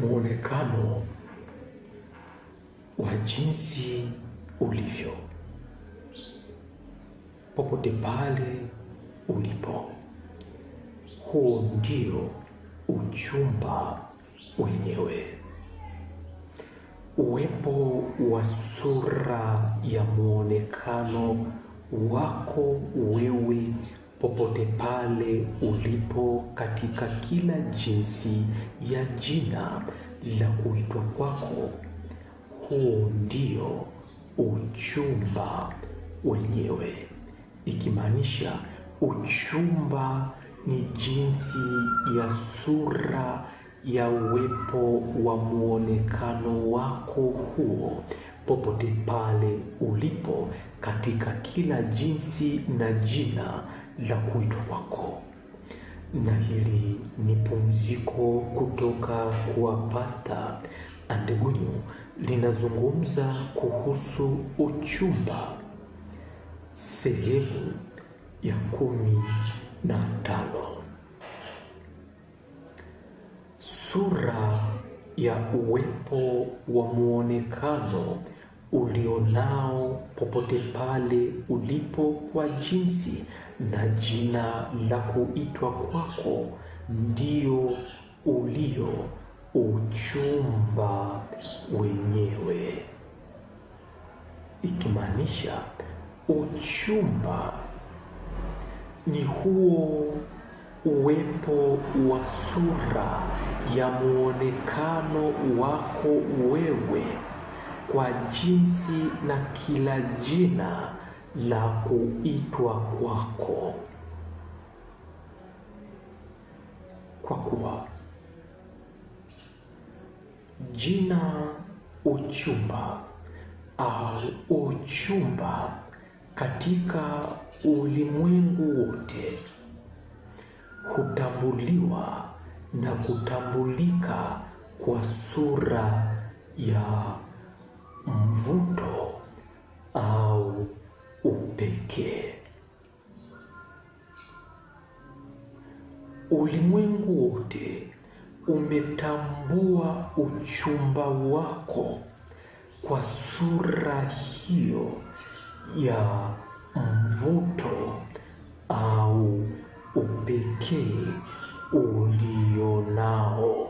muonekano wa jinsi ulivyo popote pale ulipo. Huo ndio uchumba wenyewe. Uwepo wa sura ya muonekano wako wewe popote pale ulipo katika kila jinsi ya jina la kuitwa kwako. Huo ndio uchumba wenyewe, ikimaanisha uchumba ni jinsi ya sura ya uwepo wa muonekano wako huo popote pale ulipo katika kila jinsi na jina la kuitwa kwako. Na hili ni pumziko kutoka kwa Pasta Andegunyu, linazungumza kuhusu uchumba sehemu ya kumi na tano sura ya uwepo wa muonekano ulionao popote pale ulipo kwa jinsi na jina la kuitwa kwako ndio ulio uchumba wenyewe, ikimaanisha uchumba ni huo uwepo wa sura ya muonekano wako wewe kwa jinsi na kila jina la kuitwa kwako, kwa kuwa jina uchumba au uchumba katika ulimwengu wote hutambuliwa na kutambulika kwa sura ya mvuto au upekee. Ulimwengu wote umetambua uchumba wako kwa sura hiyo ya mvuto au upekee ulionao.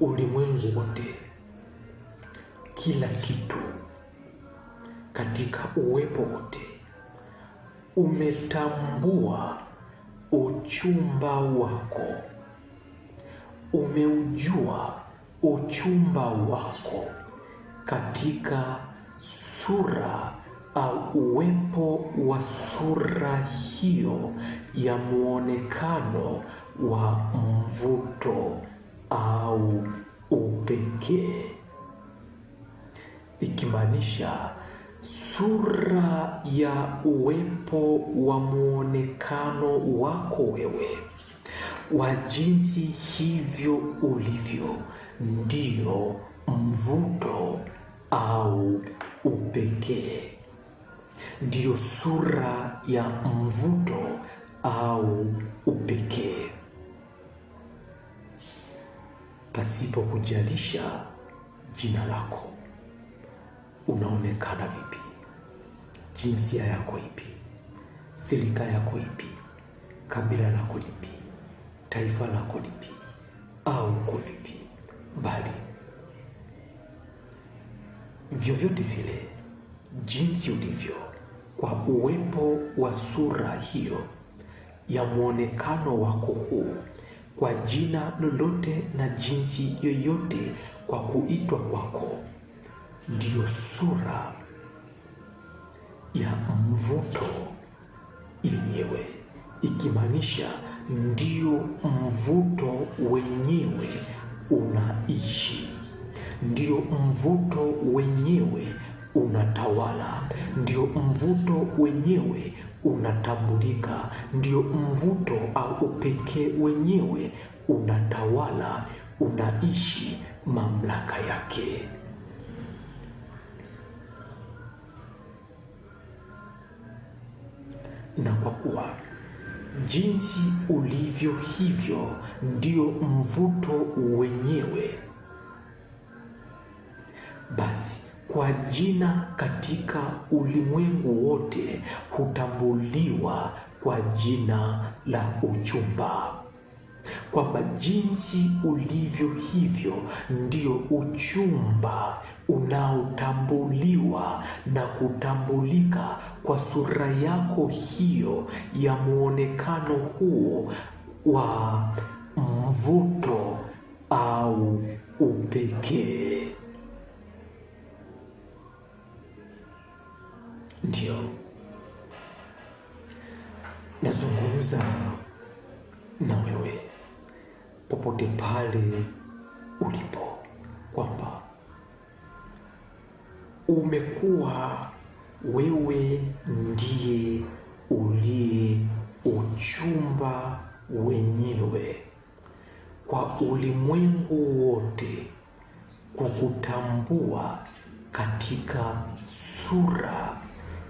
ulimwengu wote, kila kitu katika uwepo wote umetambua uchumba wako, umeujua uchumba wako katika sura au uwepo wa sura hiyo ya muonekano wa mvuto au upekee, ikimaanisha sura ya uwepo wa muonekano wako wewe wa jinsi hivyo ulivyo, ndio mvuto au upekee, ndiyo sura ya mvuto au upekee pasipo kujalisha jina lako, unaonekana vipi, jinsia yako ipi, silika yako ipi, kabila lako lipi, taifa lako lipi, au uko vipi, bali vyovyote vile jinsi ulivyo kwa uwepo wa sura hiyo ya mwonekano wako huu kwa jina lolote na jinsi yoyote kwa kuitwa kwako ndiyo sura ya mvuto yenyewe, ikimaanisha ndio mvuto wenyewe unaishi, ndio mvuto wenyewe unatawala, ndio mvuto wenyewe unatambulika, ndio mvuto au upekee wenyewe unatawala, unaishi mamlaka yake. Na kwa kuwa jinsi ulivyo hivyo ndio mvuto wenyewe, basi kwa jina katika ulimwengu wote hutambuliwa kwa jina la uchumba, kwamba jinsi ulivyo hivyo ndio uchumba unaotambuliwa na kutambulika kwa sura yako hiyo ya mwonekano huo wa mvuto au upekee. Ndiyo, nazungumza na wewe popote pale ulipo, kwamba umekuwa wewe ndiye uliye uchumba wenyewe kwa ulimwengu wote kukutambua katika sura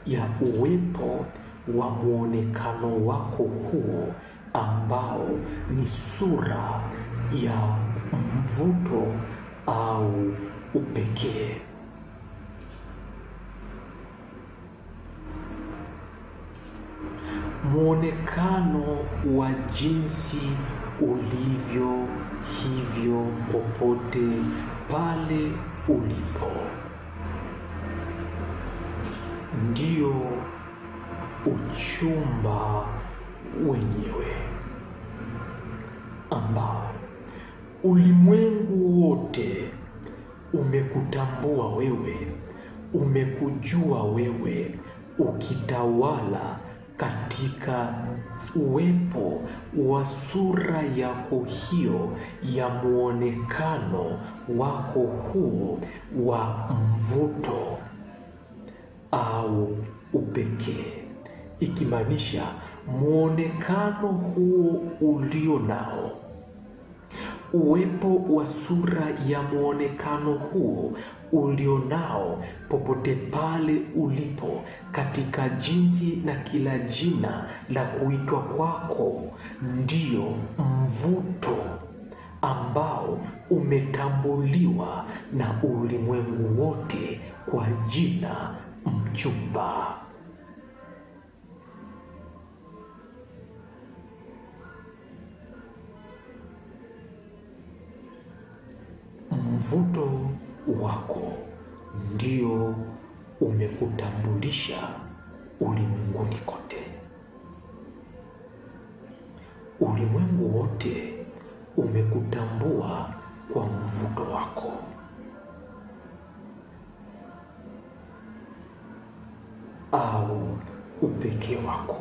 ya uwepo wa mwonekano wako huo ambao ni sura ya mvuto au upekee. Mwonekano wa jinsi ulivyo hivyo popote pale ulipo ndio uchumba wenyewe ambao ulimwengu wote umekutambua wewe, umekujua wewe, ukitawala katika uwepo wa sura yako hiyo ya muonekano wako huo wa mvuto au upekee, ikimaanisha muonekano huo ulio nao. Uwepo wa sura ya muonekano huo ulio nao popote pale ulipo, katika jinsi na kila jina la kuitwa kwako, ndio mvuto ambao umetambuliwa na ulimwengu wote kwa jina mchumba. Mvuto wako ndio umekutambulisha ulimwenguni kote. Ulimwengu wote umekutambua kwa mvuto wako. au upekee wako,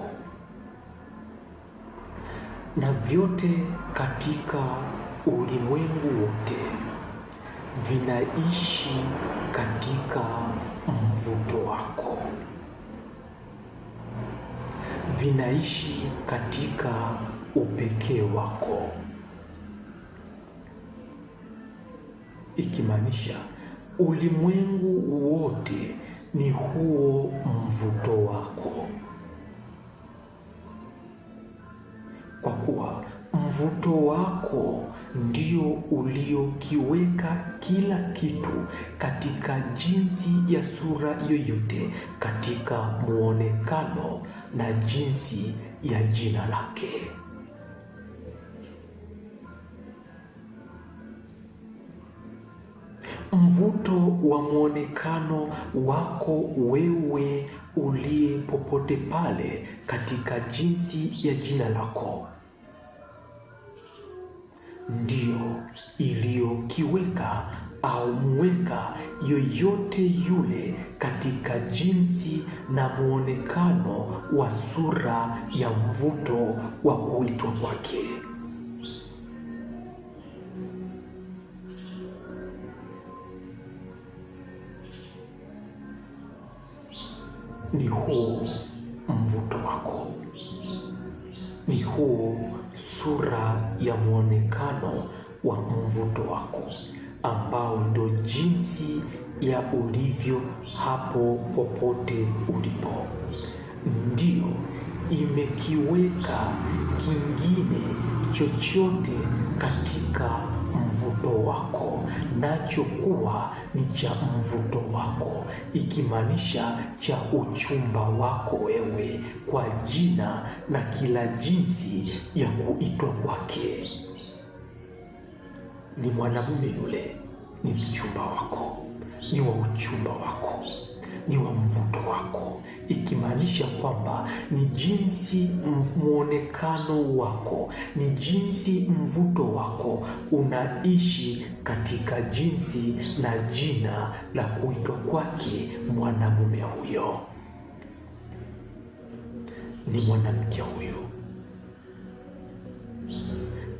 na vyote katika ulimwengu wote vinaishi katika mvuto wako, vinaishi katika upekee wako, ikimaanisha ulimwengu wote ni huo mvuto wako, kwa kuwa mvuto wako ndio uliokiweka kila kitu katika jinsi ya sura yoyote, katika muonekano na jinsi ya jina lake. mvuto wa muonekano wako wewe uliye popote pale katika jinsi ya jina lako ndiyo iliyokiweka au muweka yoyote yule katika jinsi na muonekano wa sura ya mvuto wa kuitwa kwake. ni huu mvuto wako, ni huo sura ya mwonekano wa mvuto wako ambao ndo jinsi ya ulivyo hapo popote ulipo, ndio imekiweka kingine chochote katika mvuto wako, nacho kuwa ni cha mvuto wako, ikimaanisha cha uchumba wako wewe, kwa jina na kila jinsi ya kuitwa kwake. Ni mwanamume yule, ni mchumba wako, ni wa uchumba wako, ni wa mvuto wako ikimaanisha kwamba ni jinsi mwonekano wako, ni jinsi mvuto wako unaishi katika jinsi na jina la kuitwa kwake mwanamume huyo, ni mwanamke huyo,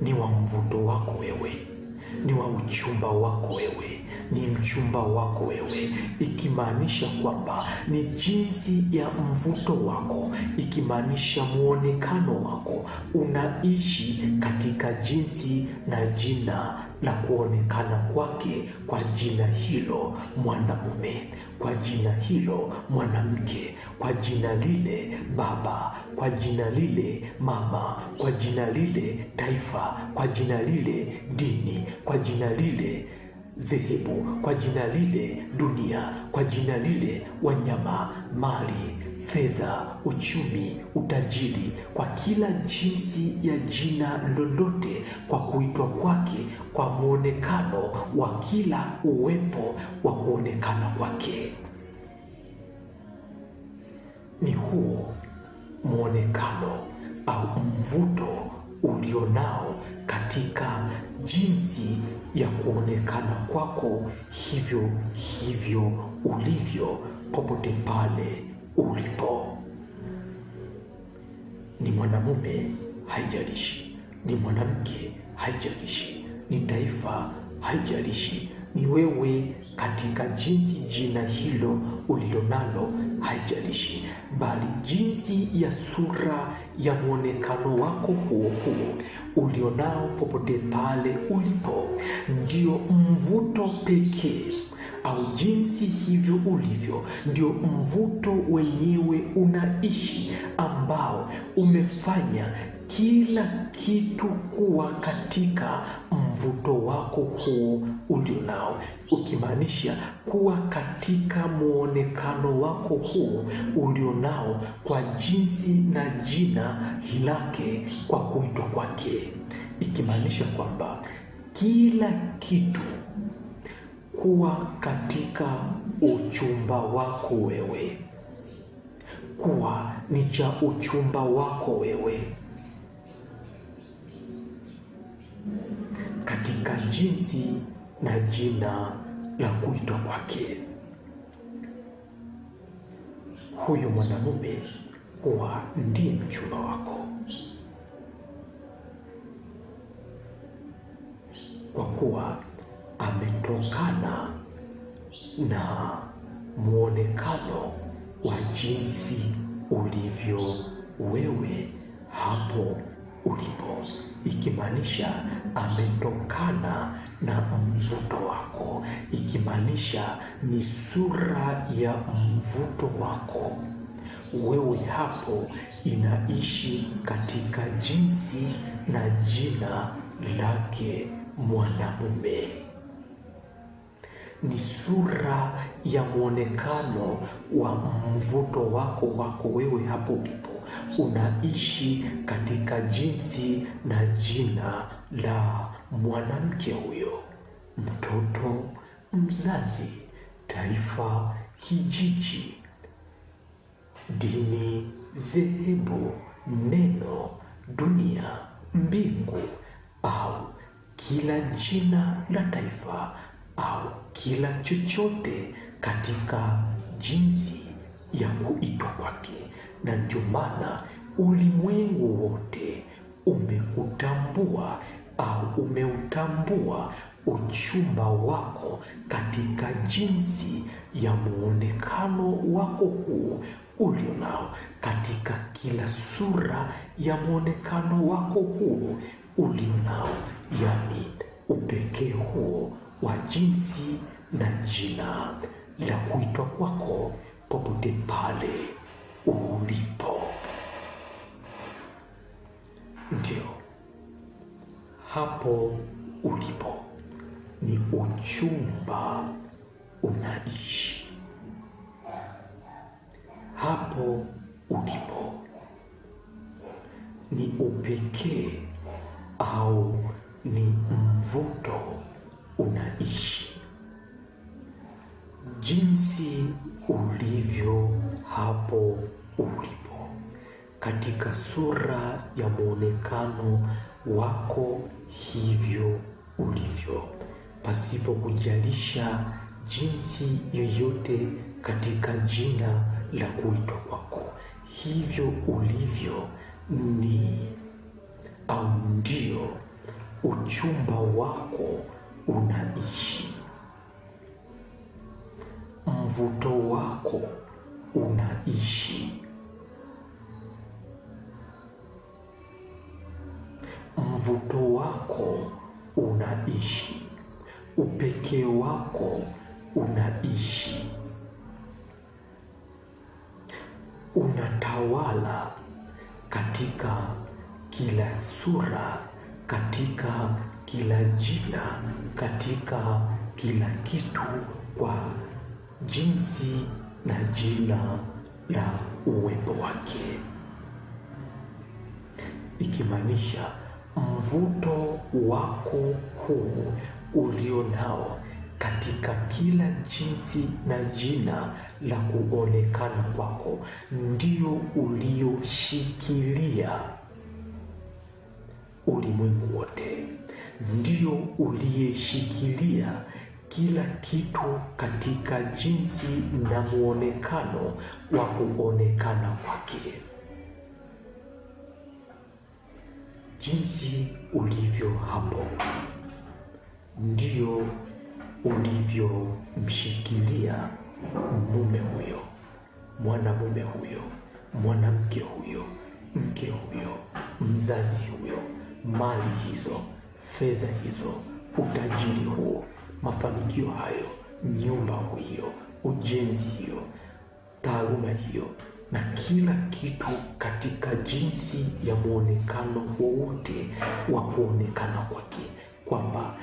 ni wa mvuto wako wewe ni wa uchumba wako wewe, ni mchumba wako wewe, ikimaanisha kwamba ni jinsi ya mvuto wako, ikimaanisha muonekano wako, unaishi katika jinsi na jina na kuonekana kwake kwa jina hilo mwanamume, kwa jina hilo mwanamke, kwa jina lile baba, kwa jina lile mama, kwa jina lile taifa, kwa jina lile dini, kwa jina lile dhehebu, kwa jina lile dunia, kwa jina lile wanyama, mali fedha, uchumi, utajiri, kwa kila jinsi ya jina lolote, kwa kuitwa kwake, kwa mwonekano wa kila uwepo wa kuonekana kwake. Ni huo mwonekano au mvuto ulionao katika jinsi ya kuonekana kwako, hivyo hivyo ulivyo popote pale ulipo. Ni mwanamume haijalishi, ni mwanamke haijalishi, ni taifa haijalishi, ni wewe katika jinsi jina hilo ulilonalo haijalishi, bali jinsi ya sura ya mwonekano wako huo huo ulionao popote pale ulipo, ndio mvuto pekee au jinsi hivyo ulivyo, ndio mvuto wenyewe unaishi, ambao umefanya kila kitu kuwa katika mvuto wako huu ulio nao, ukimaanisha kuwa katika mwonekano wako huu ulio nao kwa jinsi na jina lake kwa kuitwa kwake, ikimaanisha kwamba kila kitu kuwa katika uchumba wako wewe, kuwa ni cha uchumba wako wewe, katika jinsi na jina la kuitwa kwake huyu mwanamume, kuwa ndiye mchumba wako, kwa kuwa ametoka na mwonekano wa jinsi ulivyo wewe hapo ulipo, ikimaanisha ametokana na mvuto wako, ikimaanisha ni sura ya mvuto wako wewe hapo, inaishi katika jinsi na jina lake mwanamume ni sura ya mwonekano wa mvuto wako wako wewe hapo ulipo, unaishi katika jinsi na jina la mwanamke huyo, mtoto, mzazi, taifa, kijiji, dini, zehebu neno, dunia, mbingu, au kila jina la taifa au kila chochote katika jinsi ya kuitwa kwake, na ndio maana ulimwengu wote umekutambua au umeutambua uchumba wako katika jinsi ya muonekano wako huu ulio nao, katika kila sura ya muonekano wako huu ulio nao, yani upekee huo wa jinsi na jina la kuitwa kwako popote pale ulipo. Ndio hapo ulipo, ni uchumba unaishi. Hapo ulipo ni upekee au ni mvuto unaishi, jinsi ulivyo hapo ulipo, katika sura ya mwonekano wako hivyo ulivyo, pasipo kujalisha jinsi yoyote katika jina la kuitwa kwako. Hivyo ulivyo ni au ndio uchumba wako unaishi, mvuto wako unaishi, mvuto wako unaishi, upekee wako unaishi, unatawala katika kila sura katika kila jina, katika kila kitu, kwa jinsi na jina la uwepo wake, ikimaanisha mvuto wako huu ulio nao katika kila jinsi na jina la kuonekana kwako ndio ulioshikilia ulimwengu wote, ndio uliyeshikilia kila kitu katika jinsi na muonekano wa kuonekana kwake. Jinsi ulivyo hapo, ndio ulivyomshikilia mume huyo, mwanamume huyo, mwanamke huyo, mke huyo, mzazi huyo mali hizo, fedha hizo, utajiri huo, mafanikio hayo, nyumba hiyo, ujenzi hiyo, taaluma hiyo, na kila kitu katika jinsi ya mwonekano wowote wa kuonekana kwake, kwamba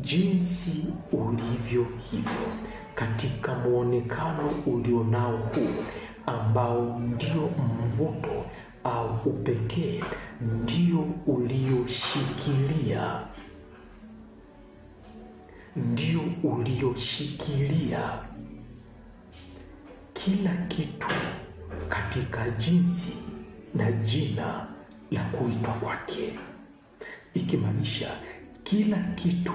jinsi ulivyo hivyo katika mwonekano ulionao huu ambao ndio mvuto au upekee ndio ulioshikilia ndio ulioshikilia kila kitu katika jinsi na jina la kuitwa kwake, ikimaanisha kila kitu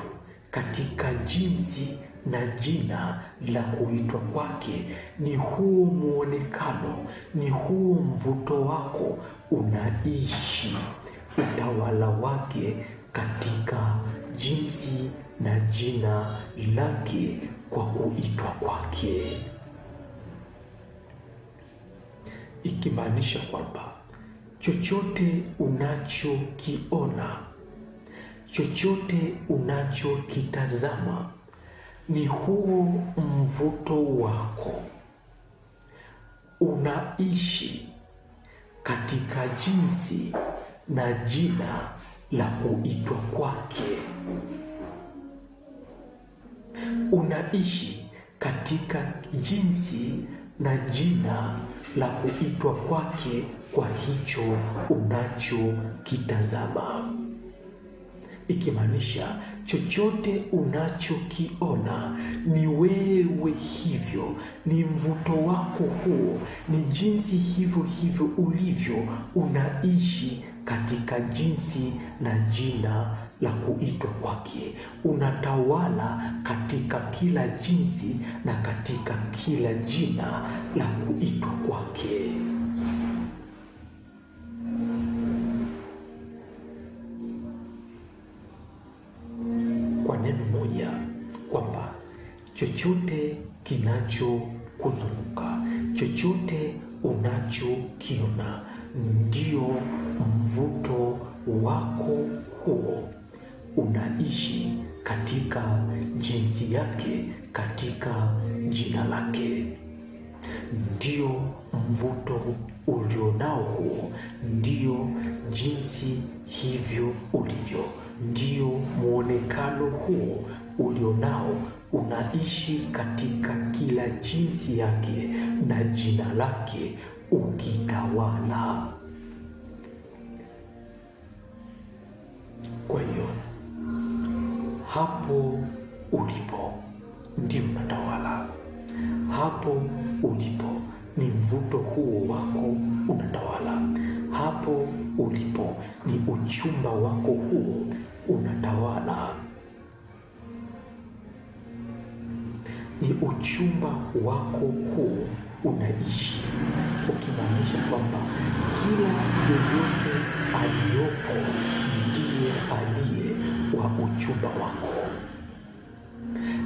katika jinsi na jina la kuitwa kwake. Ni huo muonekano, ni huo mvuto wako unaishi utawala wake katika jinsi na jina lake kwa kuitwa kwake, ikimaanisha kwamba chochote unachokiona, chochote unachokitazama ni huo mvuto wako unaishi katika jinsi na jina la kuitwa kwake, unaishi katika jinsi na jina la kuitwa kwake kwa hicho unachokitazama ikimaanisha chochote unachokiona ni wewe, hivyo ni mvuto wako huo, ni jinsi hivyo hivyo ulivyo, unaishi katika jinsi na jina la kuitwa kwake, unatawala katika kila jinsi na katika kila jina la kuitwa kwake. kinachokuzunguka, chochote unachokiona ndio mvuto wako huo, unaishi katika jinsi yake, katika jina lake, ndio mvuto ulionao huo, ndio jinsi hivyo ulivyo, ndio mwonekano huo ulionao unaishi katika kila jinsi yake na jina lake ukitawala. Kwa hiyo hapo ulipo ndio unatawala, hapo ulipo ni mvuto huo wako unatawala, hapo ulipo ni uchumba wako huo unatawala. ni uchumba wako huu unaishi, ukimaanisha kwamba kila yeyote aliyopo ndiye aliye wa uchumba wako.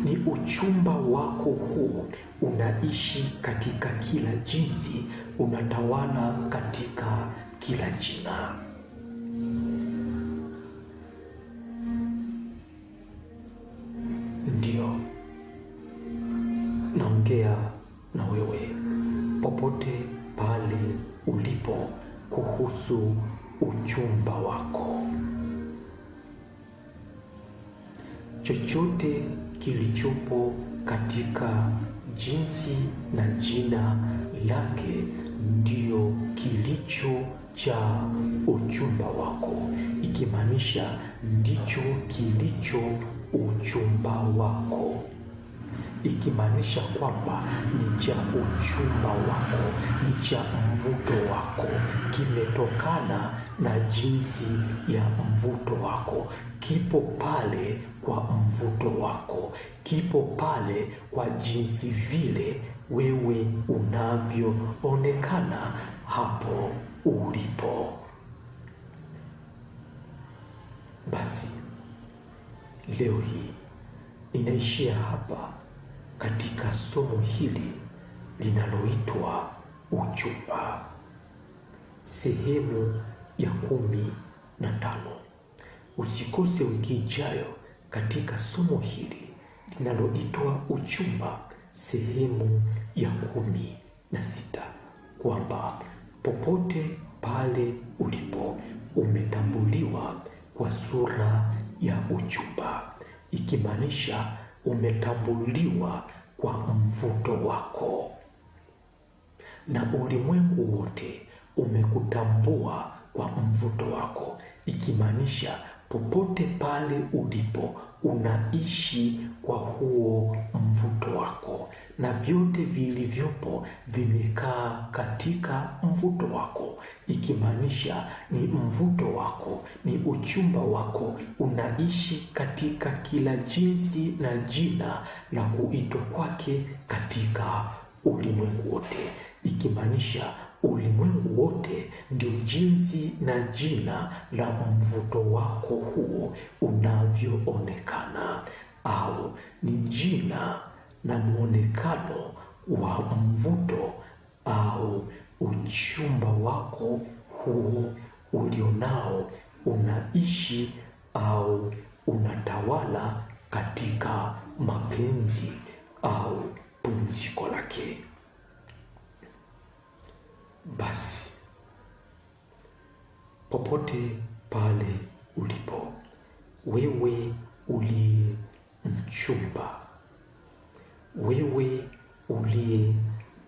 Ni uchumba wako huu unaishi katika kila jinsi, unatawala katika kila jina. chochote kilichopo katika jinsi na jina lake ndio kilicho cha uchumba wako, ikimaanisha ndicho kilicho uchumba wako, ikimaanisha kwamba ni cha uchumba wako cha mvuto wako kimetokana na jinsi ya mvuto wako, kipo pale kwa mvuto wako, kipo pale kwa jinsi vile wewe unavyoonekana hapo ulipo. Basi leo hii inaishia hapa katika somo hili linaloitwa Uchumba sehemu ya kumi na tano. Usikose wiki ijayo katika somo hili linaloitwa Uchumba sehemu ya kumi na sita, kwamba popote pale ulipo umetambuliwa kwa sura ya uchumba, ikimaanisha umetambuliwa kwa mvuto wako na ulimwengu wote umekutambua kwa mvuto wako, ikimaanisha popote pale ulipo unaishi kwa huo mvuto wako, na vyote vilivyopo vimekaa katika mvuto wako, ikimaanisha ni mvuto wako, ni uchumba wako, unaishi katika kila jinsi na jina la kuitwa kwake katika ulimwengu wote ikimaanisha ulimwengu wote ndio jinsi na jina la mvuto wako huo unavyoonekana, au ni jina na mwonekano wa mvuto au uchumba wako huo ulionao unaishi au unatawala katika mapenzi au pumziko lake basi popote pale ulipo wewe uliye mchumba, wewe uliye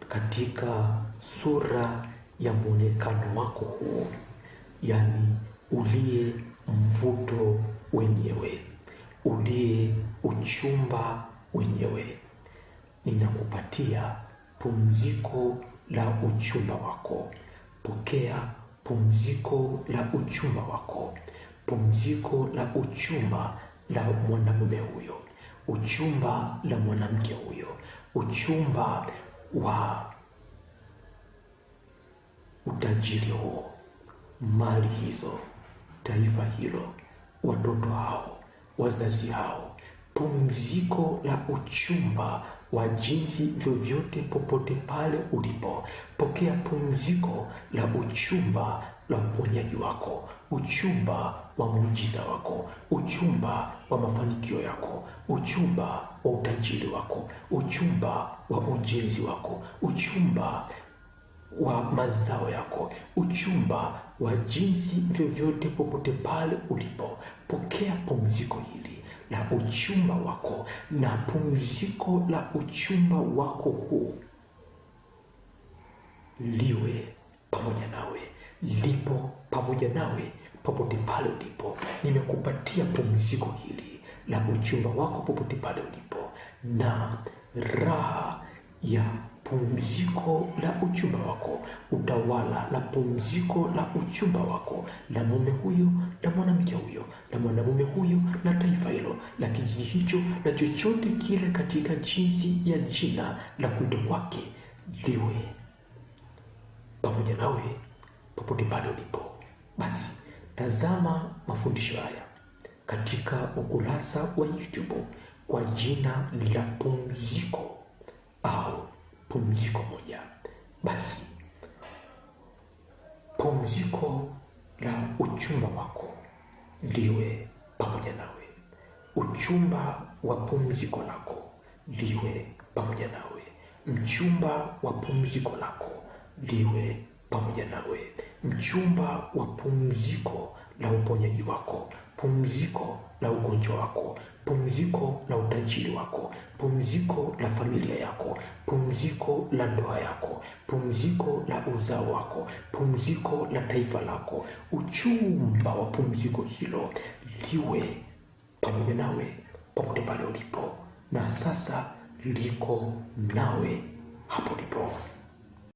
katika sura ya mwonekano wako huo, yaani uliye mvuto wenyewe, uliye uchumba wenyewe, ninakupatia pumziko la uchumba wako. Pokea pumziko la uchumba wako, pumziko la uchumba la mwanamume huyo, uchumba la mwanamke huyo, uchumba wa utajiri huo, mali hizo, taifa hilo, watoto hao, wazazi hao pumziko la uchumba wa jinsi vyovyote, popote pale ulipo, pokea pumziko la uchumba la uponyaji wako, uchumba wa muujiza wako, uchumba wa mafanikio yako, uchumba wa utajiri wako, uchumba wa ujenzi wako, uchumba wa mazao yako, uchumba wa jinsi vyovyote, popote pale ulipo, pokea pumziko hili na uchumba wako na pumziko la uchumba wako huu liwe pamoja nawe, lipo pamoja nawe popote pale ulipo. Nimekupatia pumziko hili la uchumba wako popote pale ulipo na raha ya pumziko la uchumba wako, utawala la pumziko la uchumba wako, la mume huyo na mwanamke huyo na mwanamume huyo na taifa hilo la kijiji hicho na chochote kile katika jinsi ya jina la kuitwa kwake liwe pamoja nawe popote pale ulipo. Basi tazama mafundisho haya katika ukurasa wa YouTube kwa jina la pumziko au pumziko moja. Basi pumziko la uchumba wako liwe pamoja nawe, uchumba wa pumziko lako liwe pamoja nawe, mchumba wa pumziko lako liwe pamoja nawe, mchumba wa pumziko la uponyaji wako, pumziko la ugonjwa wako, pumziko la utajiri wako, pumziko la familia yako, pumziko la ndoa yako, pumziko la uzao wako, pumziko la taifa lako. Uchumba wa pumziko hilo liwe pamoja nawe popote pale ulipo, na sasa liko nawe hapo ulipo.